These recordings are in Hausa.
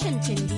Washington, D.C.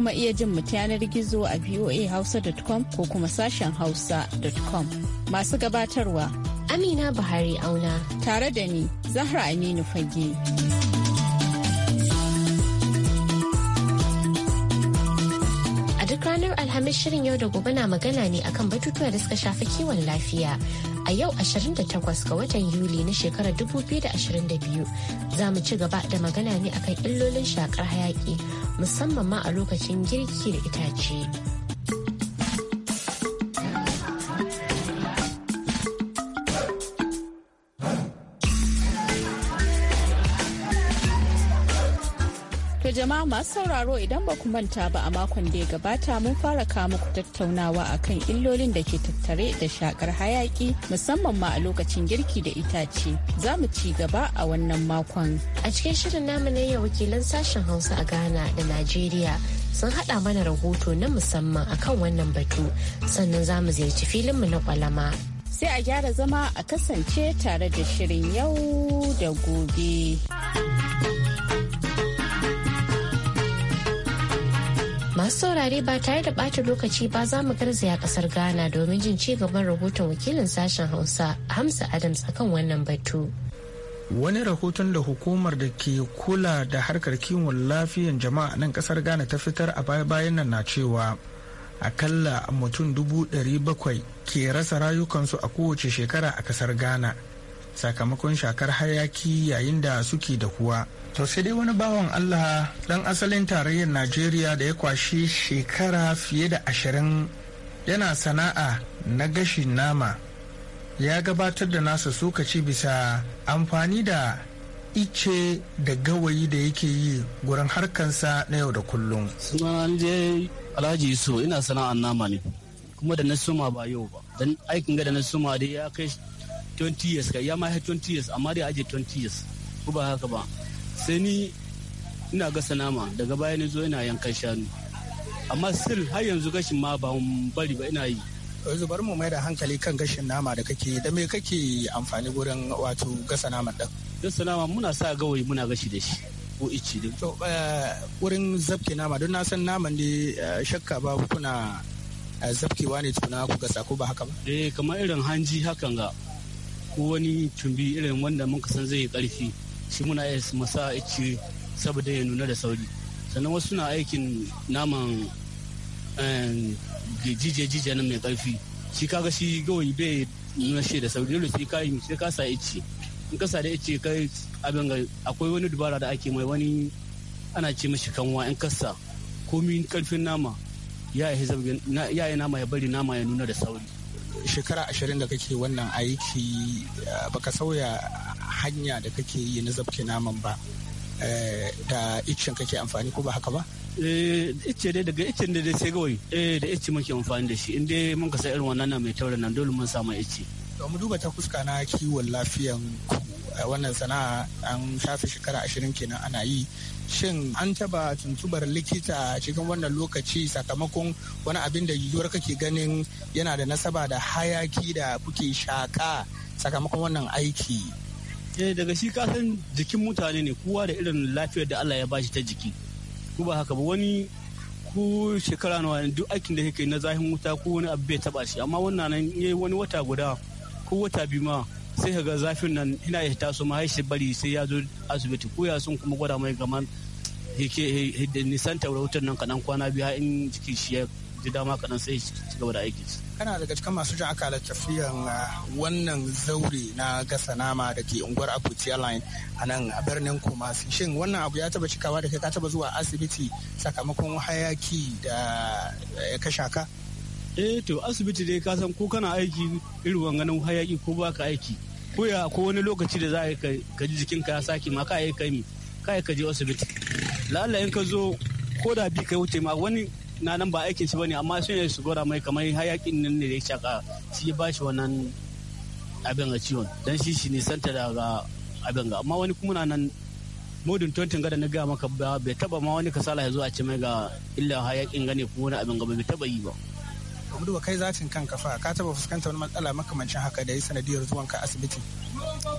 kuma iya jin mu yanar gizo a voahausa.com ko kuma sashen hausa.com. Masu gabatarwa. Amina Buhari auna. Tare da ni, Zahra Aminu Fage. Alhamis shirin yau da gobe na magana ne akan batutuwa da suka shafi kiwon lafiya. A yau 28 ga watan Yuli na shekarar 2022 za mu ci gaba da magana ne akan illolin shakar hayaki musamman ma a lokacin girki da itace. masu sauraro idan ba ku manta ba a makon da ya gabata mun fara kawo muku tattaunawa a kan illolin da ke tattare da shakar hayaki musamman ma a lokacin girki da itace. Za mu ci gaba a wannan makon. A cikin shirin namu ne ya wakilan sashen Hausa a Ghana da Najeriya sun haɗa mana rahoto na musamman akan wannan batu sannan za mu ziyarci filinmu na kwalama. sai a gyara zama a kasance tare da shirin yau da gobe. Masu saurare ba tare da ɓata lokaci ba za mu garzaya ƙasar Ghana domin jin ci gaban rahoton wakilin sashen Hausa Hamza Adams akan wannan batu. Wani rahoton da hukumar da ke kula da harkar kiwon lafiyan jama'a nan ƙasar Ghana ta fitar a baya-bayan nan na cewa akalla mutum dubu ɗari bakwai ke rasa rayukansu a kowace shekara a ƙasar Ghana sakamakon shakar hayaki yayin da suke da kuwa. to sai dai wani bawan allah dan asalin tarayyar najeriya da ya kwashi shekara fiye da ashirin yana sana'a na gashin nama ya gabatar da nasa sukaci bisa amfani da ice da gawayi da yake yi gurin harkansa na yau da kullum sunan je alhaji yusuf ina sana'ar nama ne kuma da na suma ba yau ba dan aikin ga da na suma dai ya kai 20 years ya ma 20 years amma dai aje 20 years ko ba haka ba sai ni ina gasa nama daga baya ni zo ina yankan shanu amma sir har yanzu gashin ma ba bari ba ina yi yanzu bari mu mai da hankali kan gashin nama da kake da me kake amfani gurin wato gasa naman din gasa nama muna sa gawayi muna gashi da shi ko ichi din to eh, wurin zabke nama don na san naman ne eh, shakka ba kuna eh, zabkewa ne tuna ku gasa ko ba haka ba eh kamar irin hanji hakan ga ko wani tumbi irin wanda mun san zai yi karfi shi muna iya masa ice saboda ya nuna da sauri sannan wasu na aikin naman eh, jijiyar nan mai karfi shi kaga shi gawayi bai nuna shi da sauri dole sai ka yi sai ka sa ice in ka sa da ice kai abin akwai wani dubara da ake mai wani ana ce mashi kanwa in kasa komi karfin nama ya yi nama ya bari nama ya nuna da sauri shekara ashirin da kake wannan aiki eh, baka sauya hanya da kake yi na zabke naman ba eh, da icin kake amfani ko ba haka ba? Eh, ice dai daga icin da dai sai gawai eh da ice muke amfani da shi inda mun sai irin wannan na mai taurin nan dole mun samu icce. to mu duba ta fuska na kiwon lafiyan ku wannan sana'a an shafe shekara ashirin kenan ana yi shin an taba tuntubar likita cikin wannan lokaci sakamakon wani abin da yiwuwar kake ganin yana da nasaba da hayaki da kuke shaka sakamakon wannan aiki eh daga shi kasan jikin mutane ne kowa da irin lafiyar da Allah ya ba shi ta jiki ko ba haka ba wani ko shekara nawa duk aikin da kake na zahin wuta ko wani abu bai taba shi amma wannan nan yayi wani wata guda ko wata biyu ma sai ka ga zafin nan ina ya taso ma shi bari sai ya zo asibiti ko ya sun kuma gwada mai gaman yake eh, nisan taurautar nan kadan kwana biya in jiki shi ji dama kana sai ci gaba da aiki. Kana daga cikin masu aka aka tafiyan ah, wannan zaure na gasa nama da ke unguwar Abuja Line a nan a birnin Kumasi. Shin wannan abu ya taba cikawa da kai ka taba zuwa asibiti sakamakon hayaki da ah, ya kashe ka? Eh to asibiti dai ka san ko kana aiki irin wannan hayaki ko ba ka aiki. Ko ya ko wani lokaci da za ka ji jikinka ya sake ma ka yi kai ka yi ka je asibiti. Lalla in ka zo ko da bi ka wuce ma wani na nan ba aikin shi bane amma sun yi su gora mai kamar hayakin nan ne da ya shaka shi ya bashi wannan abin a ciwon dan shi shi ne santa daga abin ga amma wani kuma na nan modin tontin gada na gaya maka bai taba ma wani kasala ya zo a ce mai ga illa hayakin gane ko wani abin ga bai taba yi ba Abdu kai zatin kanka fa ka taba fuskanta wani matsala makamancin haka da yi sanadiyar zuwanka asibiti.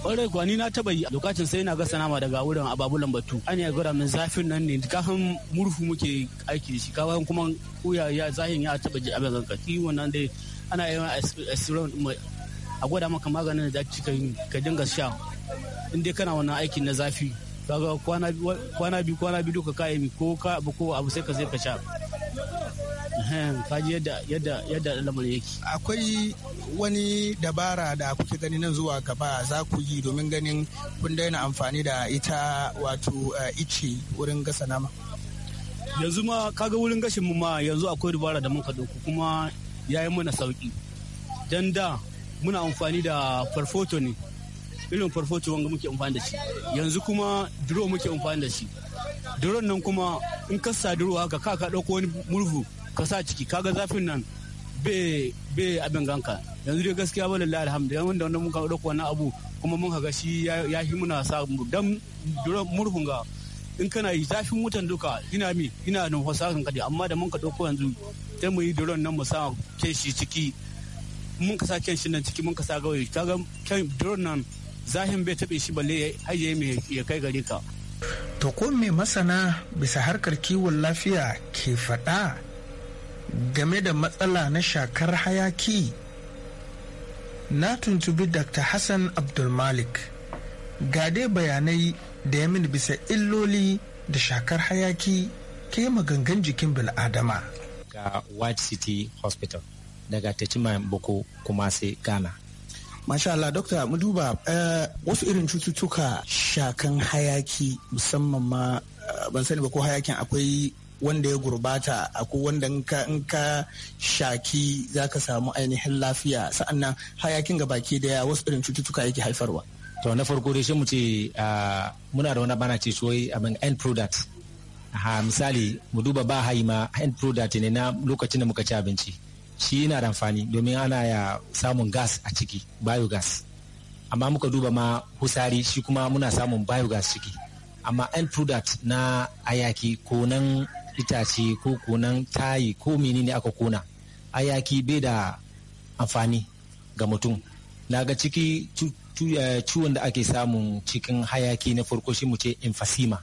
kwarai kuwa ni na taba yi lokacin sai na gasa nama daga wurin ababulan batu an yi gwada min zafin nan ne kafin murhu muke aiki shi kafin kuma kuya ya zahin ya taba ji abin zanka ki wannan dai ana yi asirin a gwada maka maganin da ka dinga sha in dai kana wannan aikin na zafi kaga kwana biyu kwana biyu duka kayan ko ka ko abu sai ka sai ka sha kaji yadda yadda yadda lamarin yake akwai wani dabara da kuke gani nan zuwa gaba za ku yi domin ganin kun daina amfani da ita wato eh, ice wurin gasa nama yanzu ma kaga wurin gashin mu ma yanzu akwai dabara da muka dauko kuma yayi mana sauki dan da muna amfani da farfoto ne irin farfoci wanga muke amfani da shi yanzu kuma duro muke amfani da shi duron nan kuma in ka sa duro haka ka ka dauko wani murhu ka sa ciki kaga zafin nan be be abin ganka yanzu dai gaskiya ba lillahi alhamdulillah wanda wannan mun ka dauko wannan abu kuma mun ga shi ya yi muna sa dan duron murhun ga in kana yi zafin mutan duka ina mi ina nan hausa kan kadi amma da mun ka dauko yanzu sai mu yi duron nan mu sa ke shi ciki mun ka sa ken shi nan ciki mun ka sa gawayi kaga ken duron nan zahin bai taɓe shi balle haye mai ya kai gare ka. To ko me masana bisa harkar kiwon lafiya ke faɗa game da matsala na shakar hayaki? Na tuntubi Dr. Hassan Abdulmalik gade bayanai da ya mini bisa illoli da shakar hayaki ke magangan jikin bil'adama. Ga White City Hospital daga Techiman Boko kuma sai Ghana. Masha Allah Dokta mu duba eh, wasu irin cututtuka shakan hayaki musamman ma eh, ban sani ba ko hayakin akwai wanda ya gurbata akwai wanda in ka shaki za ka samu ainihin lafiya sa'annan hayakin ga baki daya wasu irin cututtuka yake haifarwa. To na farko dai shi mu ce eh, muna da wani bana ce soyi abin end product. Ha misali mu duba ba haima end product ne na lokacin da muka ci abinci. shi yana da amfani domin ana ya samun gas a ciki biogas amma muka duba ma husari shi kuma muna samun biogas ciki amma end product na ayaki ko nan itace ko ko nan tayi ko menene aka kona ayaki bai da amfani ga mutum na ga ciki eh, ciwon da ake samun cikin hayaki na farko shi mu ce emphysema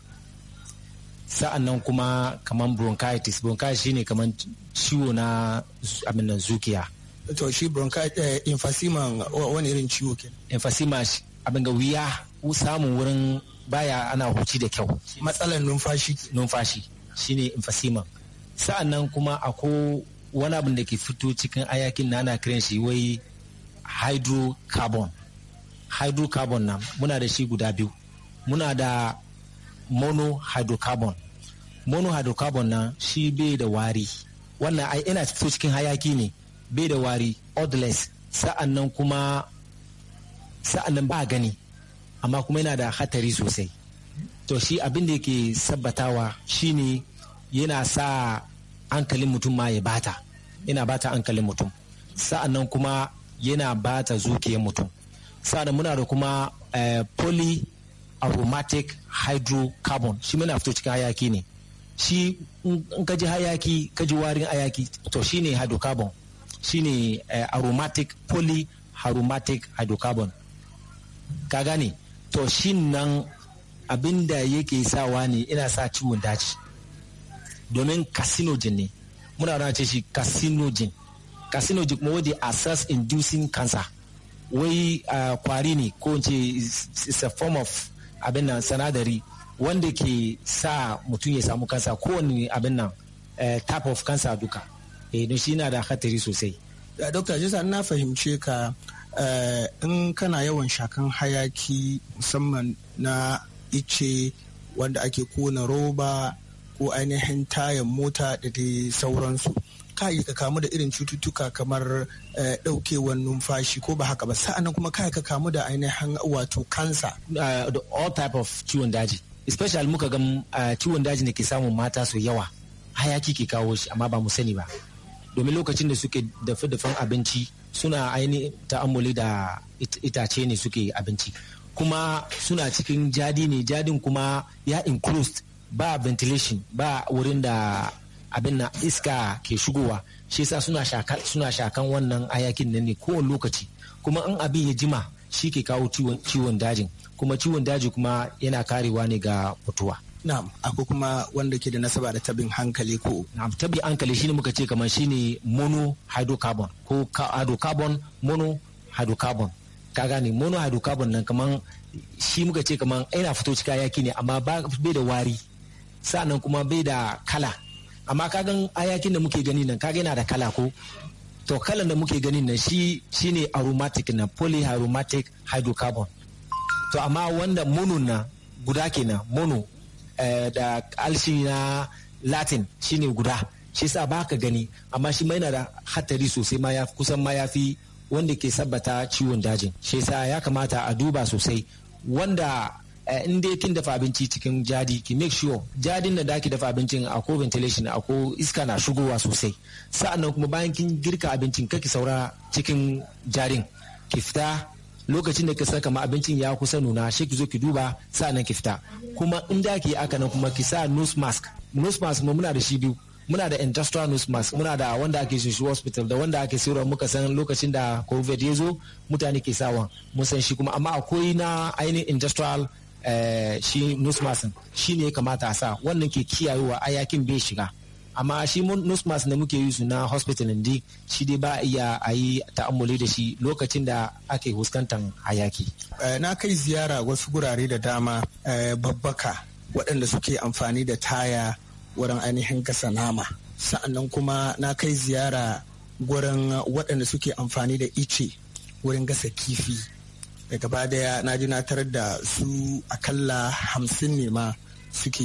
sa'an nan kuma kamar bronchitis bronchitis shine kamar ciwo na abin zukiya to shi bronchitis eh, emphysema wani irin ciwo ke emphysema abin ga wuya samun wurin baya ana huci da kyau matsalar numfashi numfashi shine emphysema sa'an nan kuma ako wani abin da ke fito cikin ayakin na ana kiran shi wai hydrocarbon hydrocarbon na muna da shi guda biyu muna da monohydrocarbon monohydrocarbon nan shi bai da wari wannan ai ina fito cikin hayaki ne bai da wari odless sa'an nan kuma sa'an nan ba gani amma kuma yana da hatari sosai to shi abin da yake sabbatawa shine yana sa hankalin mutum ma ya bata yana bata hankalin mutum sa'an nan kuma yana bata zuciyar mutum sa'an muna da kuma eh, poly aromatic hydrocarbon shi muna fito cikin hayaki ne shi in kaji hayaki kaji warin hayaki to shi ne hydrocarbon shi shine eh, aromatic aromatic hydrocarbon ka gane to shi nan abinda da yake sawa ne ina sa ciwon daji domin carcinogen ne muna rana ce shi carcinogen carcinogen kuma wadda access inducing cancer wai ah, kwari ne ko in ce is a form of abin nan sanadari wanda ke sa mutum ya samu kansa kowane abin nan eh, type of cancer duka e don shi na da hatari sosai dokta na fahimce ka eh, in kana yawan shakan hayaki musamman na ice wanda ake kona roba ko ainihin tayan mota da dai sauransu ka ka kamu da irin cututtuka kamar daukewar eh, numfashi ko ba haka ba sa'annan kuma ka ka kamu da ainihin wato kansa ah, da all type of ciwon daji especially muka ga ah, ciwon daji da ke samun mata su yawa hayaki ke kawo shi amma ba mu sani ba domin lokacin da suke dafa dafan abinci suna aini ta'ammuli da itace ne suke abinci kuma suna cikin jadi ne jadin kuma ya enclosed. ba ventilation ba wurin da abin na iska ke shigowa shi yasa suna shakan suna shakan wannan ayakin nan ne kowane lokaci kuma in abin ya jima shi ke kawo ciwon dajin kuma ciwon daji kuma yana karewa ne ga mutuwa na'am akwai kuma wanda ke da nasaba da tabin hankali ko na'am tabin hankali shine muka ce kamar shine mono hydrocarbon ko hydrocarbon mono hydrocarbon ka gane mono hydrocarbon nan kamar shi muka ce kamar yana fito cikin yaki ne amma bai da wari sa'annan kuma bai da kala amma kagan ayakin da muke gani nan kaga yana da kala ko to kalan da muke gani nan shi shine aromatic na polyaromatic hydrocarbon to amma wanda mono na guda kenan mono eh, da alshi na latin shine guda shi sa ba ka gani amma shi mai na da hatari sosai ma ya kusan ma ya fi wanda ke sabbata ciwon dajin shi sa ya kamata a duba sosai wanda Eh, in dai kin dafa abinci cikin jadi ki make sure jadin da daki dafa abincin a ko ventilation ko iska na shigowa sosai sa'annan kuma bayan kin girka abincin ki saura cikin jarin ki fita lokacin da ka saka ma abincin ya kusa nuna shi ki zo ki duba sa'annan ki fita kuma in da ki aka nan kuma ki sa nose mask nose mask mu muna da shi biyu muna da industrial nose mask muna da wanda ake shi hospital da wanda ake sayarwa muka san lokacin da covid ya zo mutane ke sawa mun san shi kuma amma akwai na ainihin industrial Eh, shi nusmasin shi ne ya kamata a sa wannan ke kiyayewa ayakin bai shiga amma shi nusmas da muke yi su na hospital ndi shi dai ba iya a yi ta'amuli da shi lokacin da ake fuskantar hayaki. Eh, na kai ziyara wasu gurare da dama eh, babbaka waɗanda suke amfani da taya wurin ainihin gasa nama sa'annan kuma na kai ziyara gurin waɗanda suke amfani da ice wurin gasa kifi da gaba daya na ji na tarar da su akalla hamsin ne ma suke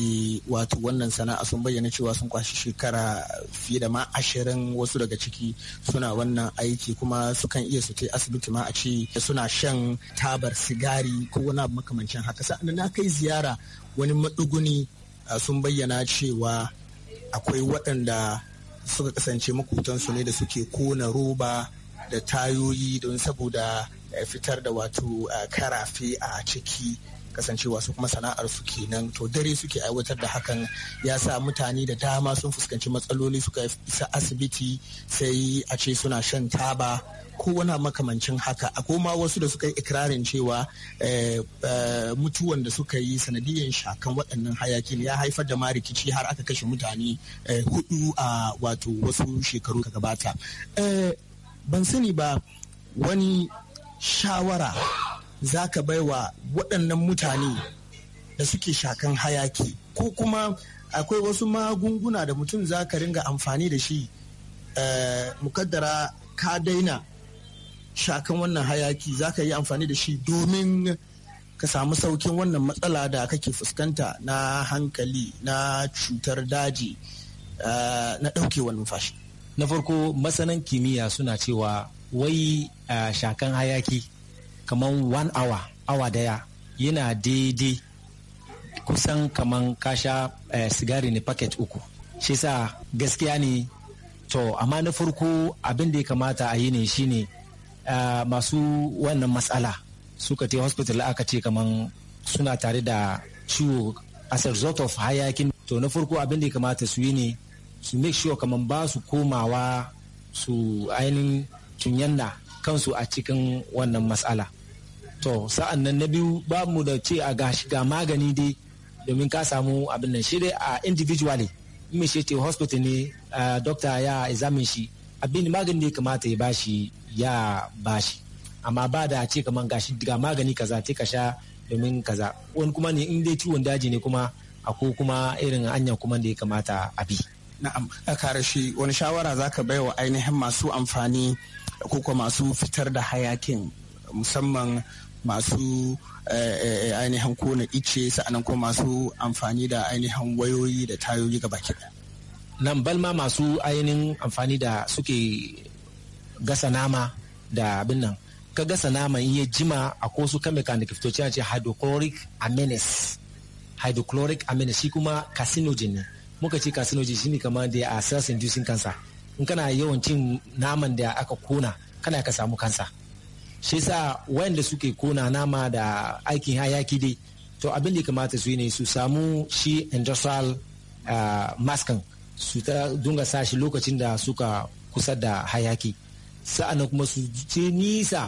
wato wannan sana'a sun bayyana cewa sun kwashi shekara fiye da ma ashirin wasu daga ciki suna wannan aiki kuma sukan iya su asibiti ma a ce suna shan tabar sigari ko wani abu makamancin haka sa'an na kai ziyara wani maɗuguni sun bayyana cewa akwai waɗanda suka kasance makutansu ne da suke kona roba da tayoyi don saboda Eh, fitar da wato eh, karafe a ciki kasancewa su kuma sana'ar su kenan to dare suke aiwatar da hakan ya sa mutane da dama sun fuskanci matsaloli suka isa asibiti sai a ce suna shan taba ko wani makamancin haka a ma wasu da suka yi ikirarin cewa eh, mutuwan da suka yi sanadiyar shakan waɗannan hayakin ya haifar da ma rikici har aka kashe mutane hudu a wato wasu shekaru ka gabata ban sani ba wani shawara za ka baiwa waɗannan mutane da suke shakan hayaki ko kuma akwai wasu magunguna da mutum za ka ringa amfani da shi eh, mukaddara ka daina shakan wannan hayaki za ka yi amfani da shi domin ka samu saukin wannan matsala da kake fuskanta na hankali na cutar daji eh, na ɗaukewar numfashi. Na farko masanan kimiyya suna cewa wai a shakan hayaki kamar one hour awa daya yana daidai kusan kamar kasha eh, sigari ne paket uku shi sa gaskiya ne to amma na farko abin da ya kamata a yi ne shine masu wannan matsala suka te hospital aka ce kamar suna tare da ciwo as a result of hayakin to na farko abin da ya kamata su yi ne su make sure kamar ba su komawa su ainihin tunyanna kansu a cikin wannan matsala to sa'an nan na biyu ba mu da ce a gashi ga magani dai domin ka samu abin nan shi dai a individually in shi ce hospital ne dokta ya examine shi abin magani da ya kamata ya bashi ya bashi amma ba da ce kaman gashi ga magani kaza te ka sha domin kaza wani kuma ne in dai ciwon daji ne kuma ko kuma irin anyan kuma da ya kamata a bi na'am ka shi wani shawara zaka baiwa ainihin masu amfani ko masu fitar da hayakin musamman masu eh, eh, eh, ainihin kona ice sa'anan ko masu amfani da ainihin wayoyi da tayoyi ga baki nan balma masu ainihin amfani da suke gasa nama da abin nan ka gasa nama in ya jima a ko su kamika da kiftoci ce hydrochloric amines. hydrochloric amines shi kuma carcinogen ne muka ce carcinogen shi ne kamar da a cells inducing cancer in kana yawan cin naman da aka kona kana ka samu kansa shi sa wayanda suke kona nama da aikin hayaki dai to abin da kamata su ne su samu shi industrial ah, maskan su ta dunga sa shi lokacin da suka kusa da hayaki sa'annan kuma su je nisa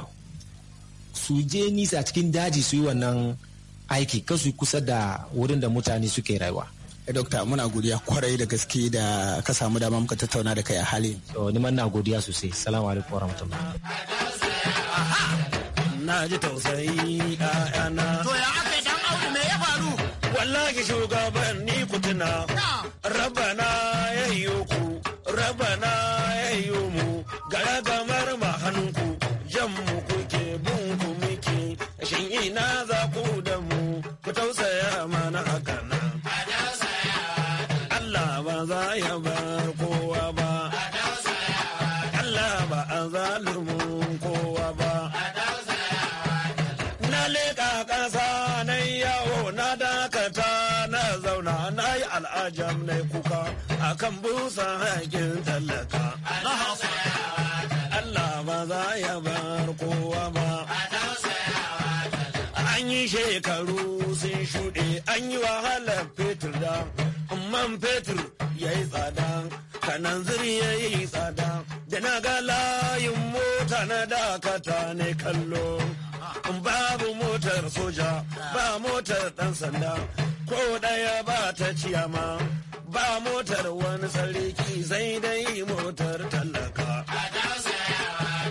su je nisa cikin daji su yi wannan aiki kan su kusa da wurin da mutane suke rayuwa Eh, Dokta muna godiya kwarai da gaske da ka samu dama muka tattauna da kai a hali. Ni man na godiya sosai. Salamu alaikum wa rahmatullahi Na ji tausayi ana To ya aka dan aure me ya faru? Wallahi shugaban ni kutuna Raba Rabana ya yi ku, rabana ya yi mu. akan busa haƙin tallaka Allah ba za ya bar kowa ba an yi shekaru sun shuɗe an yi wahalar fetur da man fetur ya yi tsada kanan zuri ya yi tsada da na ga layin mota na dakata ne kallo. babu motar soja ba motar ɗan sanda ko ɗaya ba ta ciyama ba motar wani sarki sai dai motar tallaka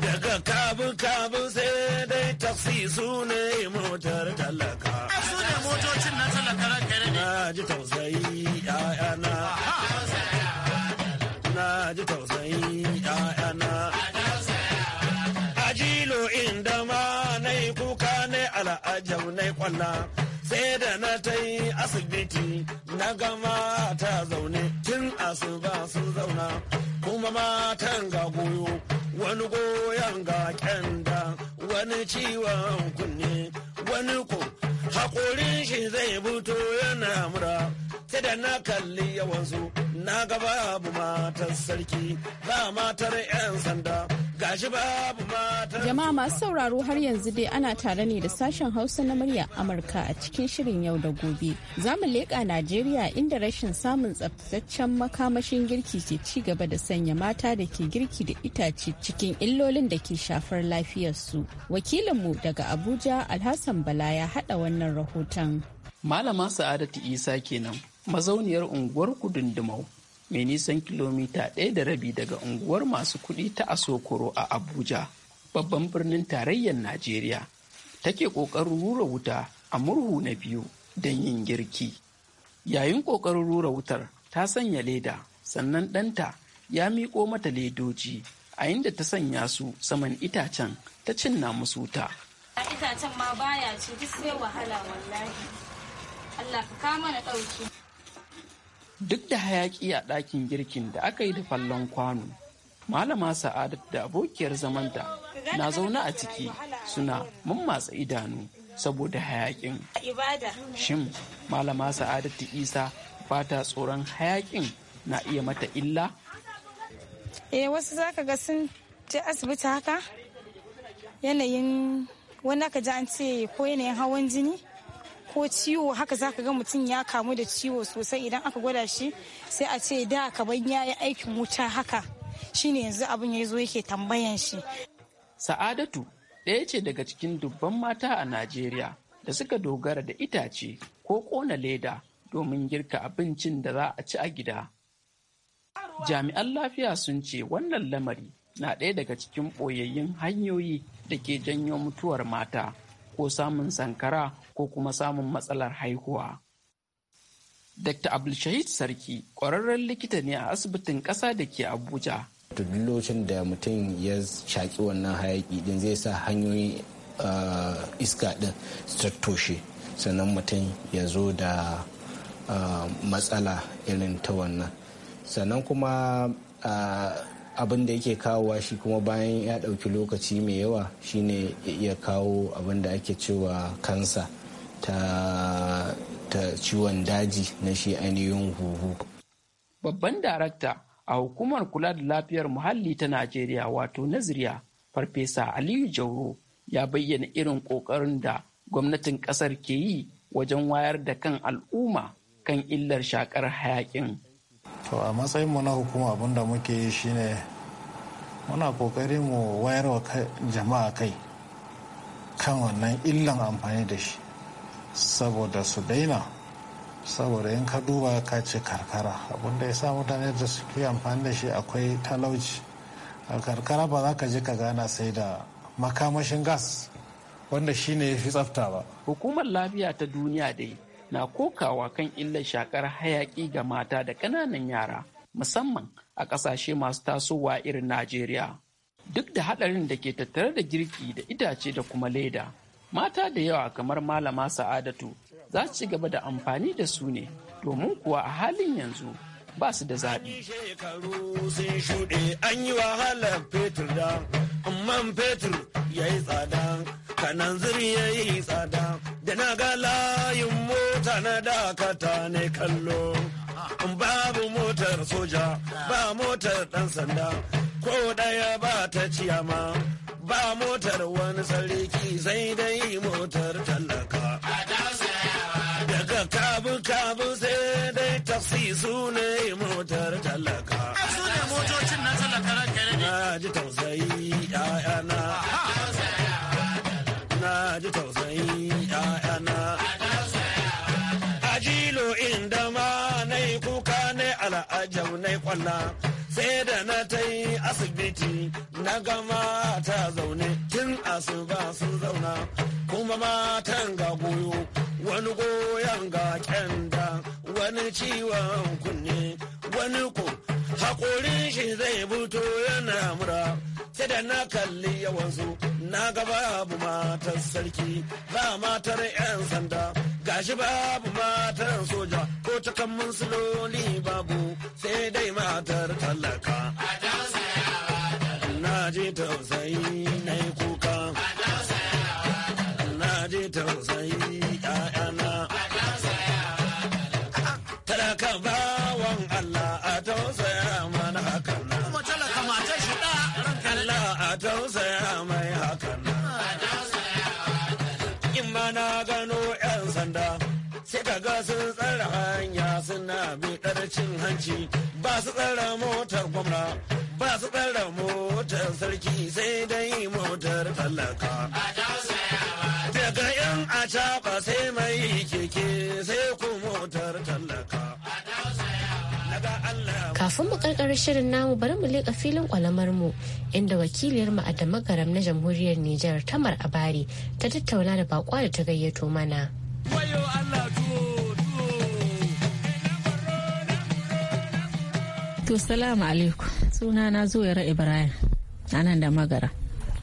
daga kabu kabu sai dai taksi su ne motar tallaka su ne motocin na talaka ranka na ji tausayi ya'yana na ji tausayi ya'yana kwalla sai da na ta yi asibiti na gama ta zaune tun asuba sun zauna kuma matan ga goyo wani goyon ga kyanda wani ciwon kunne wani ko haƙorin shi zai buto yana mura da na kalli yawansu na ga babu matar sarki ba matar 'yan sanda gashi babu matar jama'a masu sauraro har yanzu dai ana tare ne da sashen hausa na murya amurka a cikin shirin yau da gobe za mu leƙa najeriya inda rashin samun tsaftataccen makamashin girki ke ci gaba da sanya mata da ke girki da itace cikin illolin da ke shafar lafiyar lafiyarsu wakilinmu daga abuja alhassan bala ya haɗa wannan rahoton malama sa'adatu isa kenan mazauniyar unguwar kudundumau mai nisan kilomita ɗaya da rabi daga unguwar masu kuɗi ta asokoro a abuja babban birnin tarayyar najeriya take ƙoƙarin rura wuta a murhu na biyu don yin girki yayin ƙoƙarin rura wutar ta sanya leda sannan ɗanta ya miƙo mata ledoji a inda ta sanya su saman itacen ta cinna musu wuta itacen ma baya ce, duk sai wahala wallahi Allah ka kama na ɗauki duk da hayaki a ɗakin girkin da aka yi da fallon kwano malama sa'adat da abokiyar zamanta na zaune a ciki suna mammatsa idanu saboda hayakin shin malama sa'adatu isa fata tsoron hayakin na iya mata illa eh wasu zaka ga sun je asibiti haka yanayin wani aka ji an ce ko yanayin hawan jini ko ciwo haka zaka ga mutum ya kamu da ciwo sosai idan aka gwada shi sai a ce da ban ya yi aikin wuta haka shine yanzu abin ya zo yake tambayan shi sa'adatu ɗaya ce daga cikin dubban mata a najeriya da suka dogara da itace ko ƙona leda domin girka abincin da za a ci a gida jami'an lafiya sun ce wannan lamari na ɗaya daga cikin ɓoyayyun hanyoyi da ke janyo mutuwar mata ko samun sankara ko kuma samun matsalar haihuwa. Dr. Abdulshahid Sarki ƙwararren likita ne a asibitin ƙasa da ke Abuja. duk lokacin da mutum ya shaƙi wannan hayaƙi din zai sa hanyoyin ah, iska ɗin tattoshe toshe sannan mutum ya zo da ah, matsala irin ta wannan sannan kuma ah, abin da yake kawowa shi kuma bayan ya ɗauki lokaci mai yawa shine iya kawo abin da ake cewa kansa ta, ciwon daji na shi ainihin huhu babban darakta a hukumar kula da lafiyar muhalli ta najeriya wato nazariya farfesa aliyu jauro ya bayyana irin ƙoƙarin da gwamnatin ƙasar ke yi wajen wayar da kan al'umma kan illar shakar hayakin to a matsayin mu na hukuma abinda muke yi shine muna kokari mu wayar wa jama'a kai kan wannan illan amfani da shi saboda su daina saboda in ka duba ka ce karkara abinda ya sa mutane da suke amfani da shi akwai talauci a karkara ba za ka je ka gana sai da makamashin gas wanda shine ya fi tsafta ba hukumar lafiya ta duniya dai na kokawa kan illar shakar hayaƙi ga mata da ƙananan yara musamman a ƙasashe masu tasowa irin Najeriya. Duk da haɗarin da ke tattare da girki da itace da kuma leda, mata da yawa kamar malama sa'adatu za su ci gaba da amfani da su ne domin kuwa a halin yanzu ba su da zaɓi. amman fetur ya yi tsada kanan zuri ya yi tsada da na ga layo da na dakata ne kallo ah, babu motar soja ba motar dan sanda ko daya ba ta ciyama ba motar wani sarki sai dai motar tallaka daga kabu-kabu sai dai taksi su ne motar tallaka su ne motocin na tallaka ranka ne na ji tausayi 'ya'yana na ji tausayi 'ya'yana na kwalla sai da na ta yi asibiti na ga mata zaune tun asuba sun zauna kuma matan ga goyo wani goyon ga kyanda wani ciwon kunne wani ko haƙorin shi zai buto yana mura sai da na kalli yawansu na ga babu matar sarki ba matar 'yan sanda gashi babu matar soja ko cikin musuloli babu sai dai matar talaka na je tausayi na yi kuka na je tausayi 'ya'yana tausaya mana hakan kuma talaka matar shi da Allah a tausaya mai hakan in ma na gano yan sanda sai ka ga sun tsara hanya suna biɗar cin hanci ba su tsara motar gwamna ba su tsara motar sarki sai dai motar talaka a tausaya daga yan a sai mai Kafin mu karkarar shirin namu bari mu leƙa filin kwalamar mu inda wakiliyar mu a garam na jamhuriyar Nijar Tamar Abari ta tattauna da bakwa da ta gayyato mana. To salamu alaikum sunana zuwa Ibrahim anan da magara.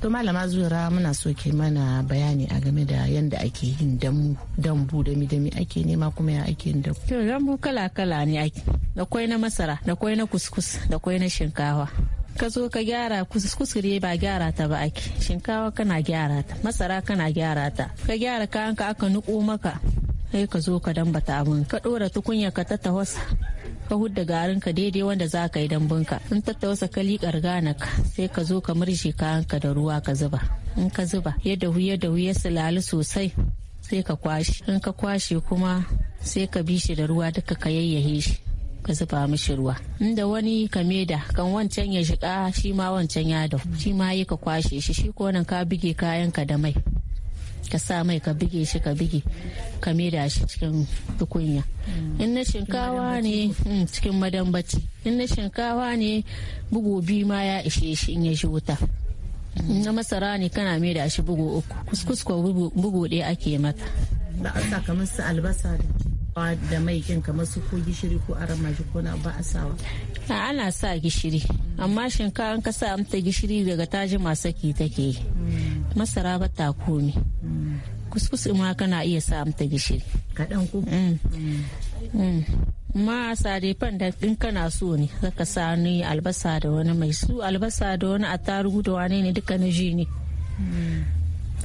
to malama zuwa muna so ke mana bayani a game da yadda ake yin damu dambu dami dami ake nema kuma ya ake yin dambu to dambu kala kala ne ake da kwai na masara da kwai na kuskus da kwai na shinkawa ka zo ka gyara ne ba gyara ta ba ake shinkawa kana gyara ta masara kana gyara ta ka gyara kayan ka aka nuko maka sai ka zo ka dambata abin ka dora tukunya ka ta tawasa ka hudda garin ka daidai wanda za ka yi dambun ka in tattausa ka liƙar ganak sai ka zo ka murje kayanka da ruwa ka zuba in ka zuba yadda huye da huye sulali sosai sai ka kwashe in ka kwashe kuma sai ka bi shi da ruwa duka ka yayyahe shi ka zuba mishi ruwa inda wani ka meda kan wancan ya shiga shi ma wancan ya dau shi ma yi ka kwashe shi shi ko nan ka bige kayanka da mai ka sa mai ka bige shi ka bige ka maida shi cikin tukunya mm. in na shinkawa ne mm, cikin madambaci in na shinkawa ne bugu biyu ma ya ishe shi in ya shi wuta mm. na masara ne kana maida shi bugu uku kuskus bugu ɗaya ake mata ba a kamar su albasa da da mai kin kamar su ko gishiri ko aramaji ko na ba a sawa ana sa gishiri amma shinkafa ka sa amta gishiri daga taji masaki take hmm. masara ba ta komi hmm. kuskus ma kana iya sa amta gishiri kaɗan ku hmm. ma da in kana so ne zaka sa ni albasa da wani mai su albasa da wani attarugu da ne duka na ji ne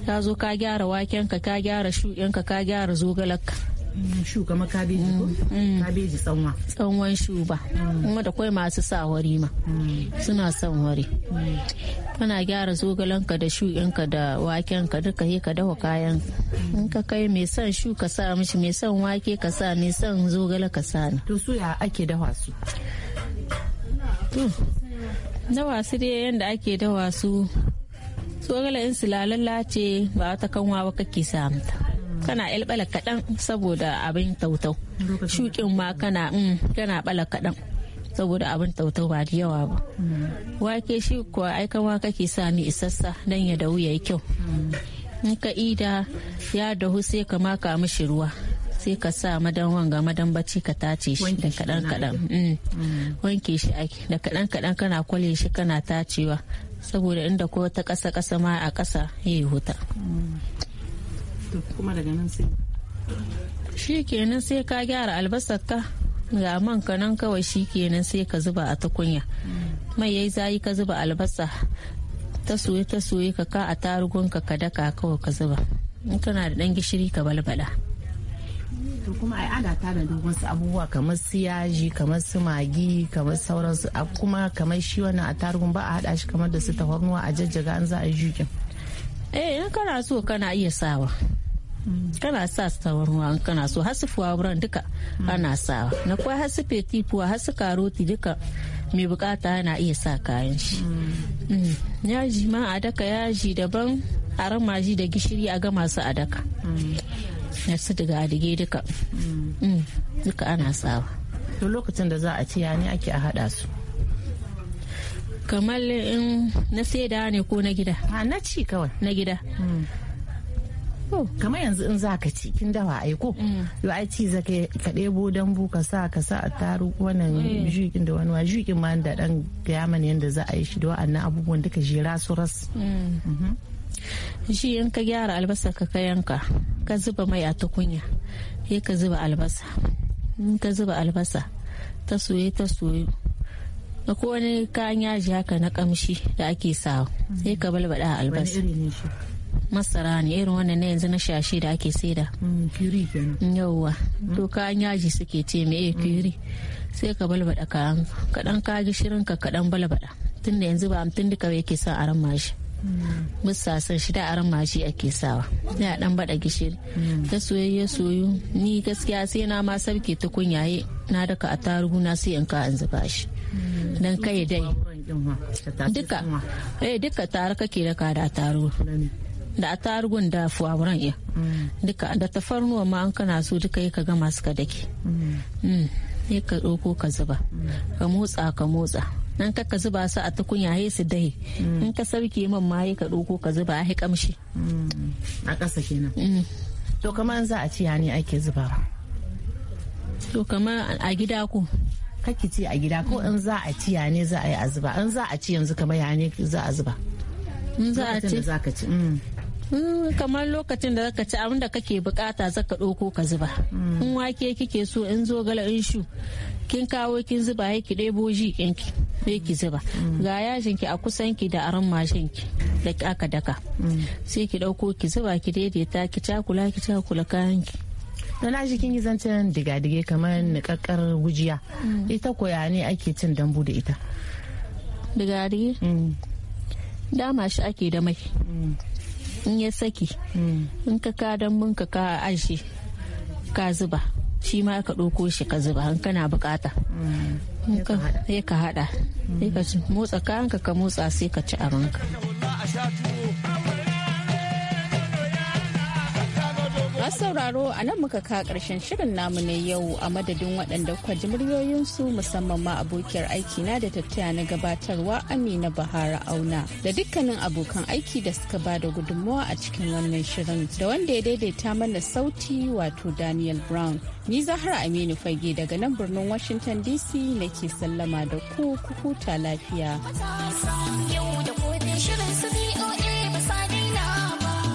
ka zo ka gyara wakenka ka gyara shuɗinka ka gyara zogalarka Mm, shuka makabeji kabeji ko mm, mm. kabeji tsanwa tsanwan shuba kuma da kwai masu sa wari ma suna son wari kana gyara ka da ka da wakenka duka he ka dawa kayan in ka kai mai son shu ka sa mishi mai son wake ka sa mai son zogale ka sa ni to su ya ake dawa su to dawa su dai yanda ake dawa su zogale in su ce ba ta kanwa ba kake samta kana ƴalɓala kaɗan saboda abin tautau shukin ma kana mm, kana bala kaɗan saboda abin tautau ba da yawa ba mm. wake shi kuwa aikan wa kake ni isassa dan ya dahu yayi kyau mm. in ka ida ya dahu sai ka maka mishi ruwa sai ka sa madan wanga madan bacci ka tace shi da kaɗan kaɗan wanke shi ake da kadan kadan kana kwale shi kana tacewa saboda inda ko ta kasa kasa ma a kasa yayi huta kuma daga nan sai shi kenan sai ka gyara albasar ka ga man ka nan kawai shi kenan sai ka zuba a tukunya mai yayi zayi ka zuba albasa ta soye ta soye ka ka a tarugun ka ka daka kawai ka zuba in kana da dan gishiri ka balbala to kuma ai ada ta da wasu abubuwa kamar su yaji kamar su magi kamar sauransu kuma kamar shi wannan a tarugun ba a hada shi kamar da su tafarnuwa a jajjaga an za a yi jukin eh in kana so kana iya sawa kana sa sauran ruwa in kana so hasu fuwaburan duka ana sawa na kuwa hasu feti fuwa hasu karoti duka mai bukata yana iya sa kayan shi mm. yaji ma a daka yaji daban a ramaji da gishiri a gama su a daka na mm. su daga adige duka mm. duka ana sawa to lokacin da za a ci ya ne ake a hada su kamar in na saida ne ko na gida a na ci kawai na gida hmm. kamar yanzu in za ka ci kin dawa ai ko yo hmm. ai ci zaka ka ɗebo dambu ka sa ka sa a taru wannan hmm. jikin da wani jikin ma da dan gaya mana yanda za a yi shi da wa'annan abubuwan duka jera su ras mhm. shi in ka gyara albasa ka kayanka ka zuba mai a tukunya ya ka zuba albasa in ka zuba albasa ta soye ta soye da ko wani kayan yaji haka na kamshi da ake sawa sai ka balbada albasa masara ne irin wannan na yanzu na shashi da ake saida mm, yauwa to kayan yaji suke ce me eh kiri sai ka balbada kayan kadan ka gishirin ka kadan balbada tunda yanzu ba amtun duka yake son aran mashi musasan mm. shi da aran mashi ake sawa ya dan bada gishiri mm. ta soyayya soyu ni gaskiya sai na ma sabke tukunyaye eh, na daka a tarugu na sai in ka an zuba shi don kai dai duka eh duka tare kake da ka da taro da atarugun da fuwaburan iya duka da tafarnuwa ma an kana so duka yi ka gama suka dake ne mm. ka ɗauko ka zuba ka motsa ka motsa nan ka ka zuba su a tukunya ya su dahi in ka sauke man ma ka ɗauko ka zuba yi kamshi mm. a ƙasa kenan mm. to kamar za a ci ya ne ake zubawa to kamar a gida ku kake ci a gida ko in za a ci ya ne za a yi a in za a ci yanzu kamar ya ne za a zuba in za a ci za ci mm. Mm, kamar lokacin da zaka ci abinda kake bukata zaka ɗauko ka zuba mm. in wake kike so in zo gala in shu kin kawo kin zuba yake ɗebo ji ɗinki sai ki zuba ga yashin ki a kusan ki da aran mashin ki da aka daka sai ki ɗauko ki zuba ki daidaita ki cakula ki cakula kayan ki da na jikin kingi zan diga-dige kamar nikakkar gujiya mm. ita koya ne ake cin dambu da ita diga-dige mm. dama shi ake da mai mm. in ya saki in ka ka dambun ka ka aji ka zuba shi ma ka ɗauko shi ka zuba in kana bukata ya ka hada ya ka motsa kayanka ka motsa sai ka ci abinka. Masu sauraro a nan muka ka karshen shirin namu na yau a madadin waɗanda kwa ji musamman ma abokiyar aikina da tattaya na gabatarwa Amina Bahara Auna da dukkanin abokan aiki da suka ba da gudunmawa a cikin wannan shirin da wanda ya daidaita mana sauti wato Daniel Brown. Ni Zahra Aminu Fage daga nan birnin Washington DC nake sallama da ku ku huta lafiya.